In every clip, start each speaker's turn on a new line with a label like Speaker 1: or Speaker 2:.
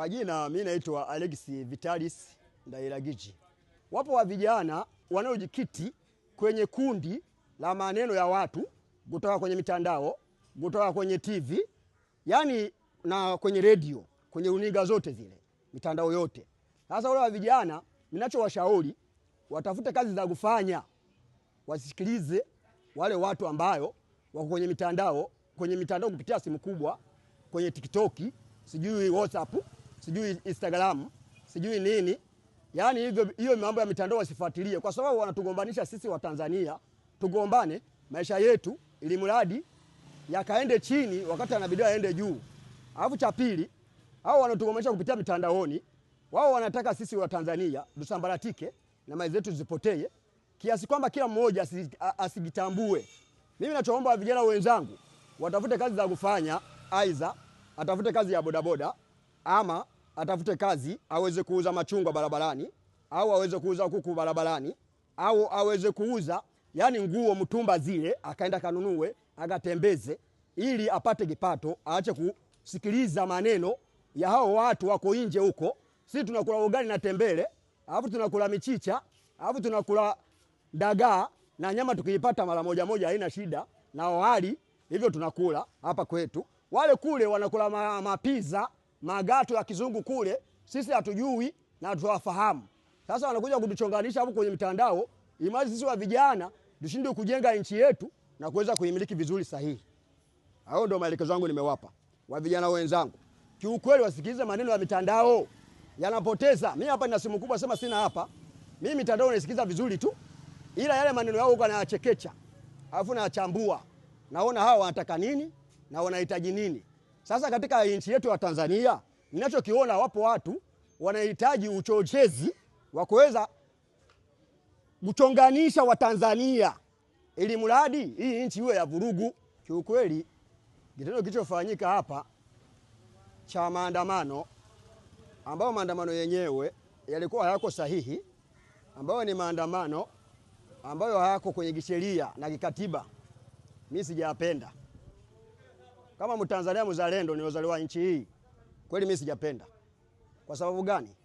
Speaker 1: Kwa jina mimi naitwa Alex Vitalis Ndairagiji. Wapo wa vijana wanaojikiti kwenye kundi la maneno ya watu kutoka kwenye mitandao, kutoka kwenye TV, yani na kwenye redio, kwenye uniga zote zile, mitandao yote. Sasa wale wa vijana ninachowashauri watafute kazi za kufanya, wasikilize wale watu ambayo wako kwenye mitandao, kwenye mitandao kupitia simu kubwa, kwenye TikTok, sijui WhatsApp sijui Instagram, sijui nini. Yaani hivyo hiyo mambo ya mitandao wasifuatilie, kwa sababu wanatugombanisha sisi wa Tanzania. tugombane maisha yetu ili mradi yakaende chini wakati anabidi aende juu. Alafu cha pili, hao wanatugombanisha kupitia mitandaoni, wao wanataka sisi wa Tanzania tusambaratike na mali zetu zipotee kiasi kwamba kila mmoja asijitambue. Mimi nachoomba vijana wenzangu watafute kazi za kufanya, aidha atafute kazi ya bodaboda ama atafute kazi aweze kuuza machungwa barabarani au aweze kuuza kuku barabarani au aweze kuuza yani nguo mtumba zile, akaenda kanunue akatembeze, ili apate kipato, aache kusikiliza maneno ya hao watu wako nje huko. Sisi tunakula ugali na tembele, alafu tunakula michicha, alafu tunakula dagaa na nyama, tukiipata mara moja moja haina shida, na wali hivyo tunakula hapa kwetu. Wale kule wanakula mapiza ma magato ya kizungu kule, sisi hatujui na tuwafahamu. Sasa wanakuja kutuchonganisha hapo kwenye mitandao, imani sisi wa vijana tushindwe kujenga nchi yetu na kuweza kuimiliki vizuri sahihi. Hayo ndio maelekezo yangu nimewapa wa vijana wenzangu. Kiukweli wasikilize maneno ya mitandao, yanapoteza. Mimi hapa nina simu kubwa, sema sina hapa. Mimi mitandao naisikiza vizuri tu, ila yale maneno yao huko nayachekecha, alafu nayachambua, naona hawa wanataka nini na wanahitaji nini. Sasa katika nchi yetu ya Tanzania ninachokiona, wapo watu wanahitaji uchochezi wa kuweza kuchonganisha Watanzania ili mradi hii nchi iwe ya vurugu. Kiukweli kitendo kilichofanyika hapa cha maandamano, ambayo maandamano yenyewe yalikuwa hayako sahihi, ambayo ni maandamano ambayo hayako kwenye kisheria na kikatiba, mimi sijayapenda. Kama Mtanzania mzalendo niliozaliwa nchi hii, kweli mimi sijapenda. Kwa sababu gani?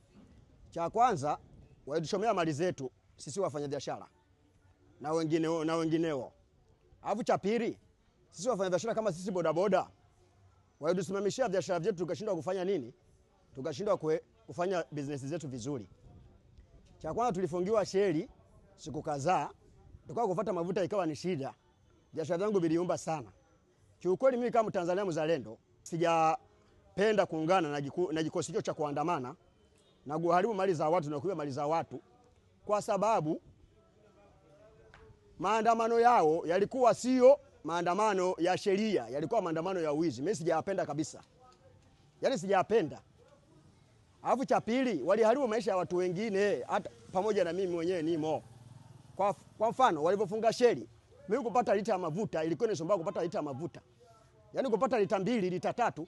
Speaker 1: Cha kwanza walituchomea mali zetu sisi wafanyabiashara na wengine na wengineo. Alafu cha pili, sisi wafanyabiashara kama sisi bodaboda walitusimamishia biashara zetu tukashindwa kufanya nini? Tukashindwa kufanya business zetu vizuri. Cha kwanza tulifungiwa sheli siku kadhaa, tukawa kufuata mavuta ikawa ni shida. Biashara zangu biliumba sana. Kiukweli mimi kama Tanzania mzalendo sijapenda kuungana na, na kikosi hicho cha kuandamana na kuharibu mali za watu na kuiba mali za watu, kwa sababu maandamano yao yalikuwa sio maandamano ya sheria, yalikuwa maandamano ya wizi. Mimi sijapenda kabisa, yani sijapenda. Alafu cha pili, waliharibu maisha ya watu wengine, hata pamoja na mimi mwenyewe nimo. Kwa, kwa mfano walivyofunga sheli, mimi kupata lita ya mavuta ilikuwa inasumbua kupata lita ya mavuta yaani kupata lita mbili lita tatu